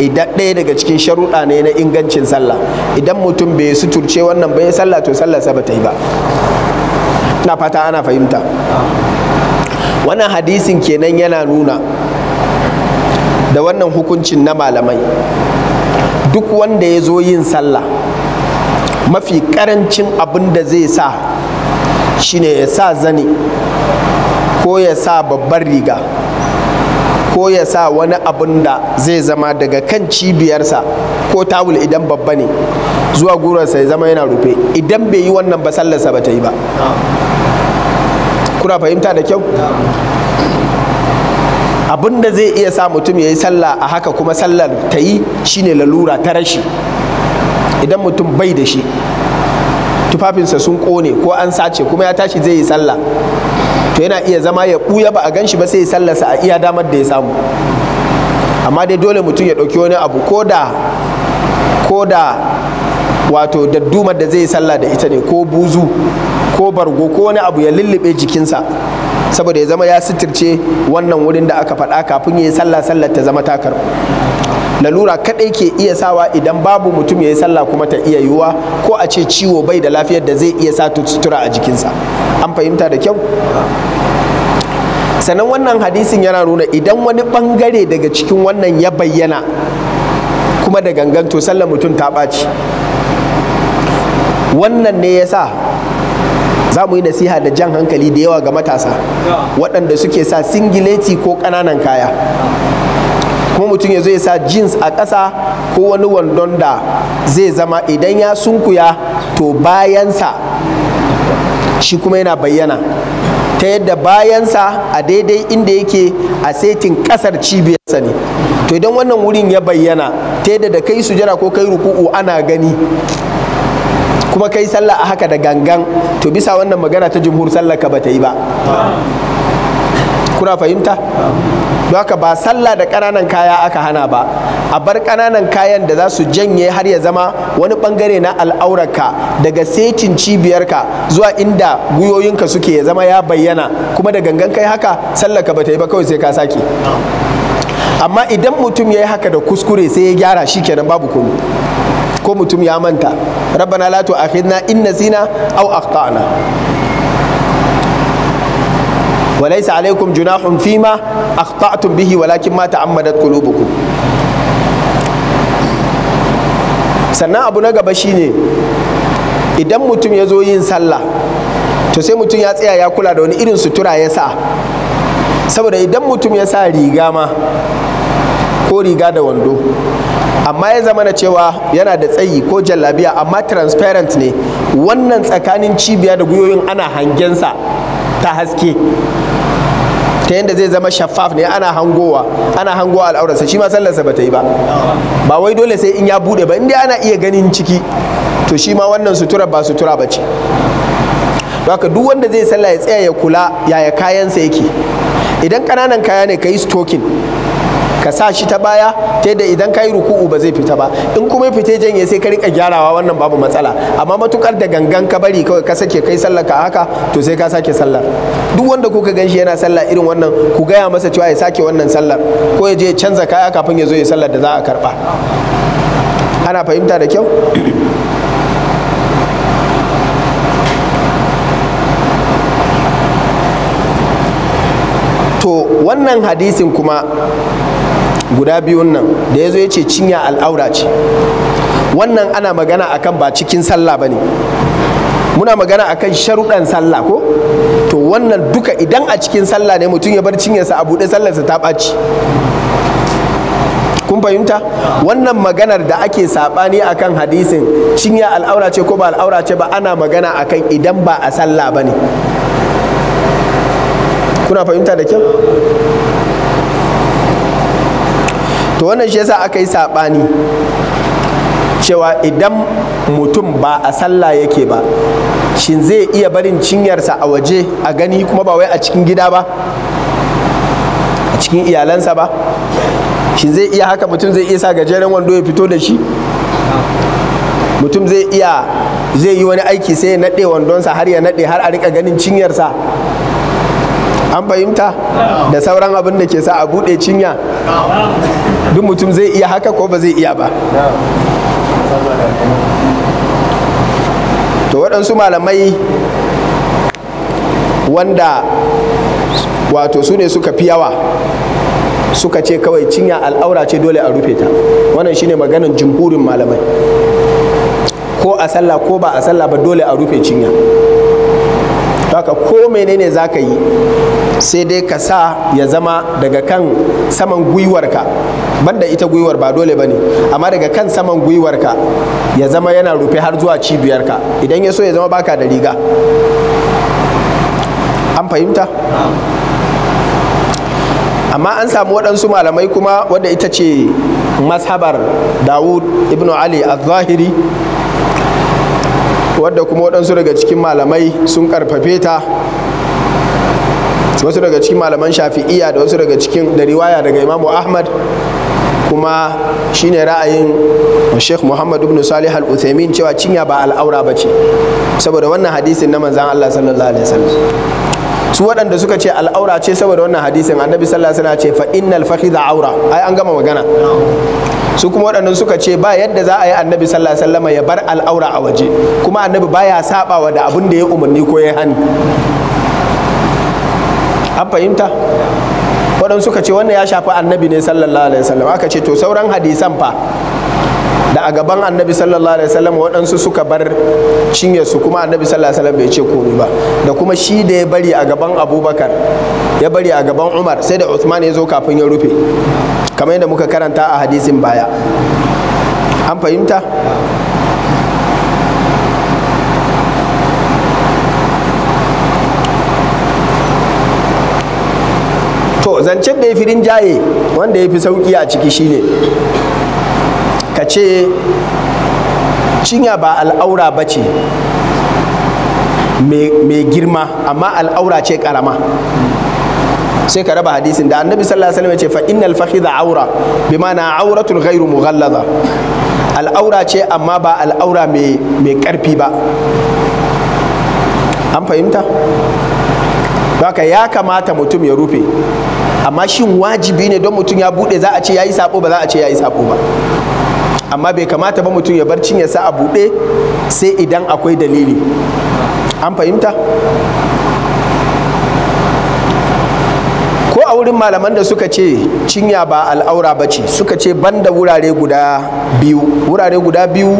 idan ɗaya daga cikin sharuɗa ne na ingancin sallah idan mutum bai suturce wannan bai sallah to sallah sa ba ta yi ba na fata ana fahimta wannan hadisin kenan yana nuna da wannan hukuncin na malamai duk wanda ya zo yin sallah mafi karancin abin da zai sa shine ya sa zane ko ya sa babbar riga ko ya sa wani abin da zai zama daga kan cibiyarsa ko tawul idan babba ne zuwa gurarsa ya zama yana rufe idan bai yi wannan ba sallarsa ba ta yi ba kuna fahimta da kyau abin da zai iya sa mutum ya yi sallah a haka kuma sallar ta yi shine lalura ta rashi idan mutum bai da shi tufafinsa sun kone ko an sace kuma ya tashi zai yi sallah to yana iya zama ya ɓuya ba a gan shi ba sai ya sallarsa a iya damar da ya samu amma dai dole mutum ya ɗauki wani abu ko da wato daddumar da zai yi sallah da ita ne ko buzu ko bargo ko wani abu ya lullube jikinsa saboda ya zama ya sitirce wannan wurin da aka faɗa kafin ya yi sallah sallar ta zama takar lalura kaɗai ke iya sawa idan babu mutum ya yi sallah kuma ta iya yiwuwa ko a ce ciwo bai da lafiyar da zai iya sa sutura a jikinsa an fahimta da kyau sannan wannan hadisin yana nuna idan wani ɓangare daga cikin wannan ya bayyana kuma da gangan to sallar mutum ta ɓaci wannan ne ya sa za mu yi nasiha da jan hankali da yawa ga matasa waɗanda suke sa singileti ko ƙananan kaya kuma mutum ya zo ya sa jeans a ƙasa ko wani wandon da zai zama idan ya sunkuya to bayansa shi kuma yana bayyana ta yadda bayansa a daidai inda yake a setin ƙasar cibiyarsa ne to idan wannan wurin ya bayyana ta yadda da kai sujada ko kai ruku'u ana gani kuma kai sallah a haka da gangan to bisa wannan magana ta jumhur sallah ka bata yi ba kuna fahimta don haka ba sallah da ƙananan kaya aka hana ba a bar ƙananan kayan da za su janye har ya zama wani ɓangare na al'aurarka daga setin cibiyarka zuwa inda guyoyinka suke ya zama ya bayyana kuma da gangan kai haka sallah ka bata yi ba kawai sai ka sake amma idan mutum ya yi haka da kuskure sai ya gyara shi kenan babu komai ko mutum ya manta rabbana la tu'akhidna in nasina aw akhtana وليس عليكم جناح فيما walakin mata ولكن ما تعمدت قلوبكم sannan abu na gaba shine idan mutum ya zo yin sallah to sai mutum ya tsaya ya kula da wani irin sutura ya sa saboda idan mutum ya sa riga ma ko riga da wando amma ya zama na cewa yana da tsayi ko jallabiya amma transparent ne wannan tsakanin cibiya da gwiwoyin ana hangensa ta haske ta yadda zai zama shaffaf ne ana hangowa ana hangowa al'aurarsa shi ma sallarsa ba ta yi ba ba wai dole sai in ya bude ba inda ana iya ganin ciki to shi ma wannan sutura ba sutura ba ce haka duk wanda zai sallah ya tsaya ya kula yaya kayansa yake idan ƙananan kaya ne ka yi stokin ka sa shi ta baya ta yadda idan ka yi ruku'u ba zai fita ba in kuma fita janye sai ka rika gyarawa wannan babu matsala amma matukar da gangan ka bari kawai ka sake kai sallar ka haka to sai ka sake sallar duk wanda kuka gan shi yana sallah irin wannan ku gaya masa cewa ya sake wannan sallar ko ya je ya canza kaya kafin ya zo ya sallar da za a karba ana fahimta da kyau to wannan hadisin kuma guda biyun nan da ya zo ya ce cinya al'aura ce wannan ana magana akan ba cikin sallah ba ne muna magana akan sharuɗan sallah ko to wannan duka idan a cikin sallah ne mutum ya bar cinyarsa a buɗe sallarsa ta ɓaci kun fahimta wannan maganar da ake saɓani akan hadisin cinya al'aura ce ko ba al'aura ce ba ana magana akan idan ba a sallah ba ne kuna fahimta da kyau to wannan shi yasa aka yi saɓani cewa idan mutum ba a sallah yake ba shin zai iya barin cinyarsa a waje a gani kuma ba wai a cikin gida ba a cikin iyalansa ba shin zai iya haka mutum zai iya sa gajeren wando ya fito da shi mutum zai iya zai yi wani aiki sai ya naɗe wandonsa har ya naɗe har a rika ganin cinyarsa an fahimta da sauran abin da ke sa a buɗe cinya duk mutum zai iya haka ko ba zai iya ba to waɗansu malamai wanda wato su ne suka fi yawa suka ce kawai cinya al'aura ce dole a rufe ta wannan shine maganan jimhurin malamai ko a sallah ko ba a sallah ba dole a rufe cinya haka ko menene za ka yi sai dai ka sa ya zama daga kan saman gwiwarka banda ita gwiwar ba dole ba ne amma daga kan saman gwiwarka ya zama yana rufe har zuwa cibiyarka idan ya so ya zama baka da riga an fahimta amma an samu waɗansu malamai kuma wadda ita ce mashabar dawud ibn ali al-zahiri wadda kuma waɗansu daga cikin malamai sun karfafe ta wasu daga cikin malaman shafi'iya da wasu daga cikin da riwaya daga imamu ahmad kuma shine ra'ayin sheikh muhammad ibn salih al uthaymin cewa cinya ba al'aura ba ce saboda wannan hadisin na manzan allah sallallahu alaihi wasallam su waɗanda suka ce al'aura ce saboda wannan hadisin annabi sallallahu alaihi wasallam ce fa innal fakhidha aura ai an gama magana su kuma waɗanda suka ce ba yadda za a yi annabi sallallahu alaihi wasallam ya bar al'aura a waje kuma annabi baya sabawa da abin da ya umarni ko ya hani an fahimta waɗansu suka ce wannan ya shafi annabi ne sallallahu alaihi wasallam aka ce to sauran hadisan fa da a gaban annabi sallallahu alaihi wasallam waɗansu suka bar cinye su kuma annabi sallallahu alaihi wasallam bai ce komai ba da kuma shi da ya bari a gaban abubakar ya bari a gaban umar sai da uthman ya zo kafin ya rufe kamar yadda muka karanta a hadisin baya an fahimta zancen da ya fi rinjaye wanda ya fi sauki a ciki shine ka ce cinya ba al'aura ba ce mai girma amma al'aura ce karama sai ka raba hadisin da annabi sallallahu alaihi wasallam ya ce fa innal fakhidha aura bi ma'ana auratul ghairu mughallaza al'aura ce amma ba al'aura mai karfi ba an fahimta haka ya kamata mutum ya rufe amma shin wajibi ne don mutum ya buɗe za a ce ya yi sabo ba za a ce ya yi sabo ba amma bai kamata ba mutum ya bar cinyarsa a buɗe sai idan akwai dalili an fahimta ko a wurin malaman da suka ce cinya ba al'aura ba ce suka ce banda wurare guda biyu wurare guda biyu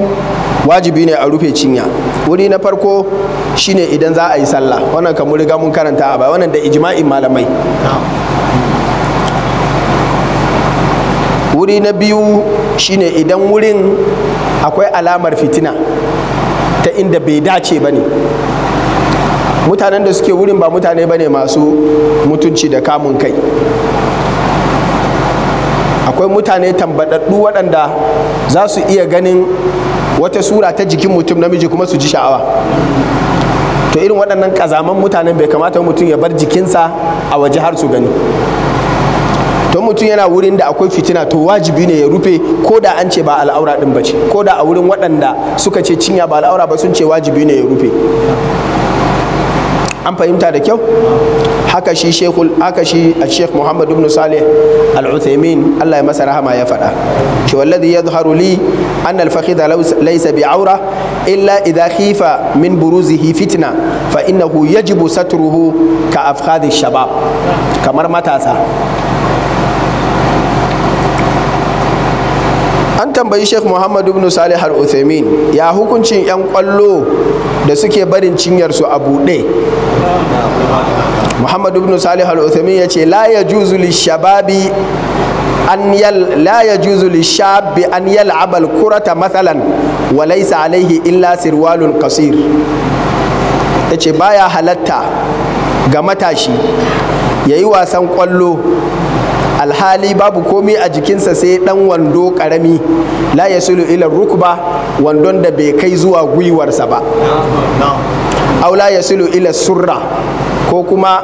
wajibi ne a rufe cinya wuri na farko shine idan za a yi sallah wannan kamar riga mun karanta a baya wannan da ijma'in malamai wuri na biyu shine idan wurin akwai alamar fitina ta inda bai dace ba ne mutanen da suke wurin ba mutane ba ne masu mutunci da kamun kai akwai mutane tambadaddu waɗanda za su iya ganin wata sura ta jikin mutum namiji kuma su ji sha'awa to irin waɗannan ƙazaman mutanen bai kamata mutum ya bar jikinsa a waje har su gani don mutum yana wurin da akwai fitina to wajibi ne ya rufe ko da an ce ba al'aura din bace ko da a wurin waɗanda suka ce cinya ba al'aura ba sun ce wajibi ne ya rufe an fahimta da kyau haka shi shekul haka shi a shekh muhammad ibn salih al-uthaymin allah ya masa rahama ya faɗa shi wallazi yadhharu li an al-fakhidha laysa bi'aura illa idha khifa min hi fitina fa innahu yajibu satruhu ka afkhadhi shabab kamar matasa an tambayi sheikh muhammad ibn salih al uthaymeen ya hukuncin yan kwallo da suke barin cinyar su a buɗe muhammad ibn salih al uthaymeen ya ce la ya juzu shababi an yal la ya juzu shabbi an abal kurata mathalan wa laysa alaihi illa sirwalun qasir yace baya halatta ga matashi yayi wasan kwallo alhali babu komi a jikinsa sai dan wando karami la sulu ila rukba wandon da bai kai zuwa gwiwarsa ba aw la sulu ila surra ko kuma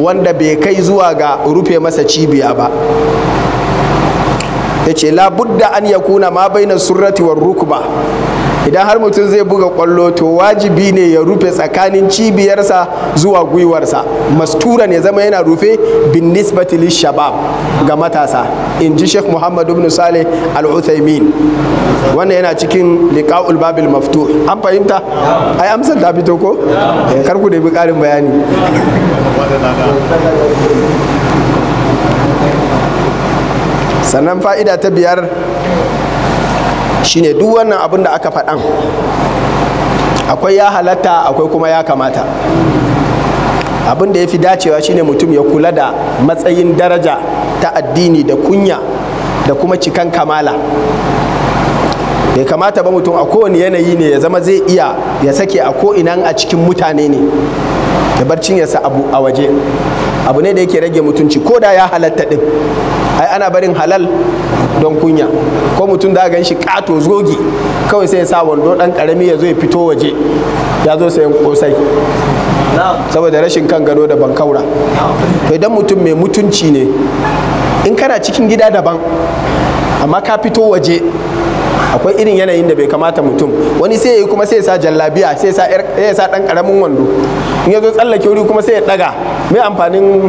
wanda bai kai zuwa ga rufe masa cibiya ba ya ce labudda an ya kuna ma bai na surrati wa rukba idan har mutum zai buga kwallo to wajibi ne ya rufe tsakanin cibiyarsa zuwa gwiwarsa mastura ne zama yana rufe bin nisbati shabab ga matasa in ji sheikh Muhammadu ibn sale al uthaymin wannan yana cikin liqa'ul babil maftuh an fahimta ai amsar ta fito ko eh, kar ku da karin bayani sannan fa'ida ta biyar shine duk wannan abin da aka faɗan akwai ya halatta akwai kuma ya kamata abin da ya fi dacewa shine mutum ya kula da matsayin daraja ta addini da kunya da kuma cikan kamala bai kamata ba mutum a kowane yanayi ne ya zama zai iya ya sake a ko'inan a cikin mutane ne ya bar cinyarsa abu a waje abu ne da yake rage mutunci ko da ya halatta din ai ana barin halal don kunya ko mutum da gan shi kato zogi kawai sai ya sa wando dan karami ya zo ya fito waje ya zo sayan kosai saboda rashin kan gado da bankaura to idan mutum mai mutunci ne in kana cikin gida daban amma ka fito waje akwai irin yanayin da bai kamata mutum wani sai ya yi kuma sai ya sa jallabiya sai ya sa dan karamin wando in ya zo tsallake wuri kuma sai ya daga mai amfanin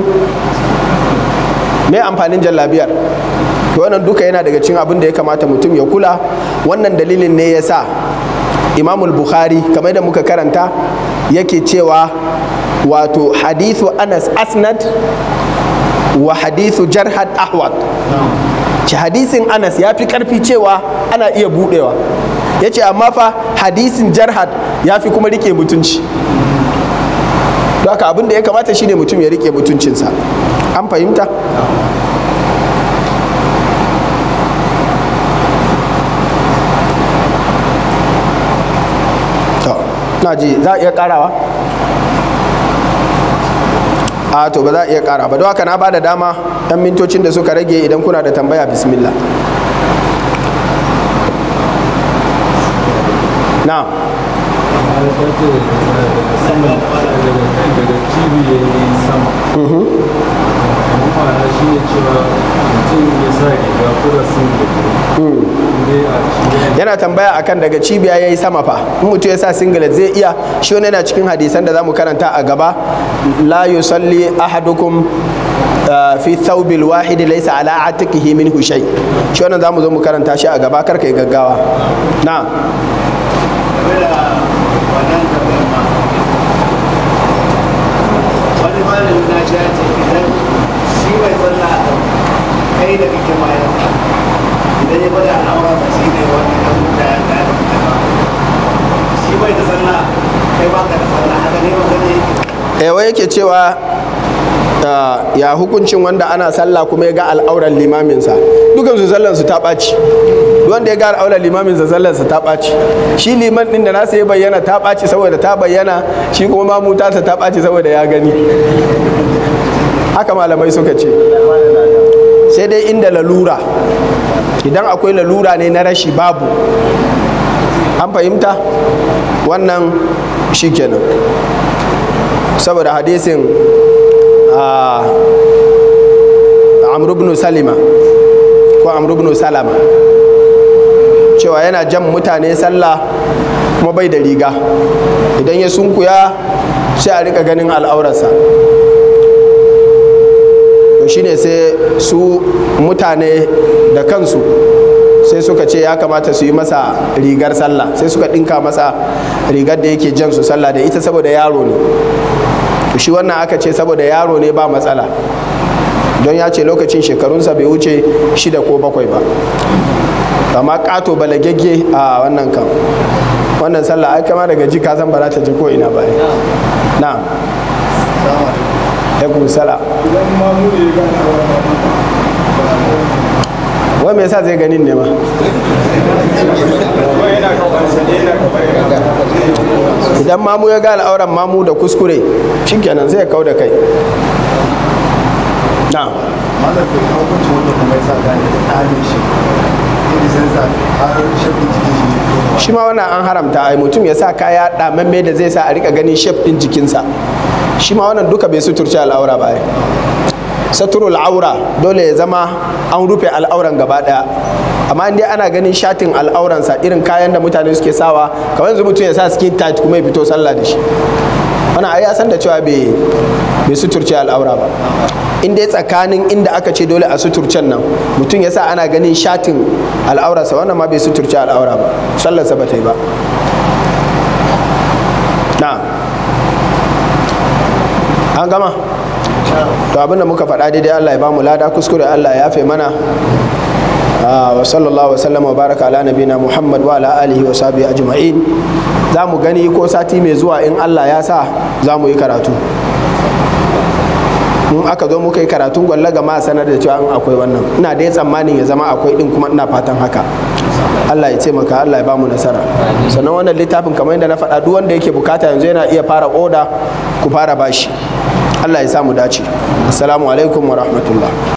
mai amfanin jallabiyar to wannan duka yana daga cikin abin da ya kamata mutum ya kula wannan dalilin ne ya sa imamul bukhari kamar da muka karanta yake cewa wato hadithu anas asnad wa hadithu jarhad ahwad shi hadisin anas ya fi karfi cewa ana iya budewa ya ce amma fa hadisin jarhad ya fi kuma rike mutunci haka abin da ya kamata shine mutum ya rike mutuncinsa an fahimta na ji za a iya karawa a to ba za a iya kara ba don haka na ba dama yan mintocin da suka rage idan kuna da tambaya bismillah na Hmm. yana tambaya akan daga cibiya ya yi sama fa in mutum ya sa singlet zai iya shi wani yana cikin hadisan da za mu karanta a gaba la yusalli ahadukum uh, fi thawbil wahidi laysa ala atikihi min hushai shi wannan zamu zo mu karanta shi a gaba karka yi gaggawa na wani na mai zanna a kan kai da kake bayan idan ya bada al'amura ta shi ne wani ɗan da ya ga da kuma shi bai da zanna kai ba ka da zanna haka ne magana yake ewa eh, yake cewa ah, ya hukuncin wanda ana sallah kuma ya ga al'auran limaminsa dukan su sallansu ta ɓaci wanda ya ga al'auran limaminsa sallansa ta ɓaci shi liman din da nasa ya bayyana ta ɓaci saboda ta bayyana shi kuma mamuta ta ta ɓaci saboda ya gani haka malamai suka ce sai dai inda lalura idan akwai lalura ne na rashi babu an fahimta wannan shikenan saboda hadisin amrubnu salima ko amr salama cewa yana jan mutane sallah kuma bai da riga idan ya sunkuya sai a rika ganin al'aurarsa shine sai su mutane da kansu sai suka ce ya kamata su yi masa rigar sallah sai suka ɗinka masa rigar da yake jan su sallah da ita saboda yaro ne shi wannan aka ce saboda yaro ne ba matsala don ya ce lokacin shekarunsa bai wuce shida ko bakwai ba amma ƙato balagegge a wannan kan wannan sallah ai kama daga ji ka san ba za ta ji ko ina ba na. alaikum salam wai mai sa zai ganin ne ma idan mamu ya gane auren mamu da kuskure shikenan zai kau da kai na shi ma wannan an haramta ai mutum ya sa kaya damamme da zai sa a rika ganin shef din jikinsa shi ma wannan duka bai suturce al'aura ba saturul aura dole ya zama an rufe al'auran gaba daya amma dai ana ganin shatin al'auransa irin kayan da mutane suke sawa kamar yanzu mutum ya sa skin tight kuma ya fito sallah da shi wannan ai ya san da cewa bai bai suturce al'aura ba in dai tsakanin inda aka ce dole a suturcen nan mutum ya sa ana ganin shatin al'aurarsa wannan ma bai suturce al'aura ba sallarsa ba ta yi ba an gama to abinda muka faɗa daidai Allah ya bamu lada kuskure Allah ya fe mana ah, wa sallallahu wasallam wa baraka ala nabina muhammad wa ala alihi wa sahbihi ajma'in za mu gani ko sati mai zuwa in Allah ya sa za mu yi karatu mun aka zo muka yi karatun gwalla ga ma sanar da cewa in akwai wannan ina dai tsammanin ya zama akwai din kuma ina fatan haka Allah ya taimaka Allah ya bamu nasara sannan wannan littafin kamar yadda na faɗa duk wanda yake bukata yanzu yana iya fara oda ku fara bashi Allah ya samu dace assalamu alaikum wa rahmatullah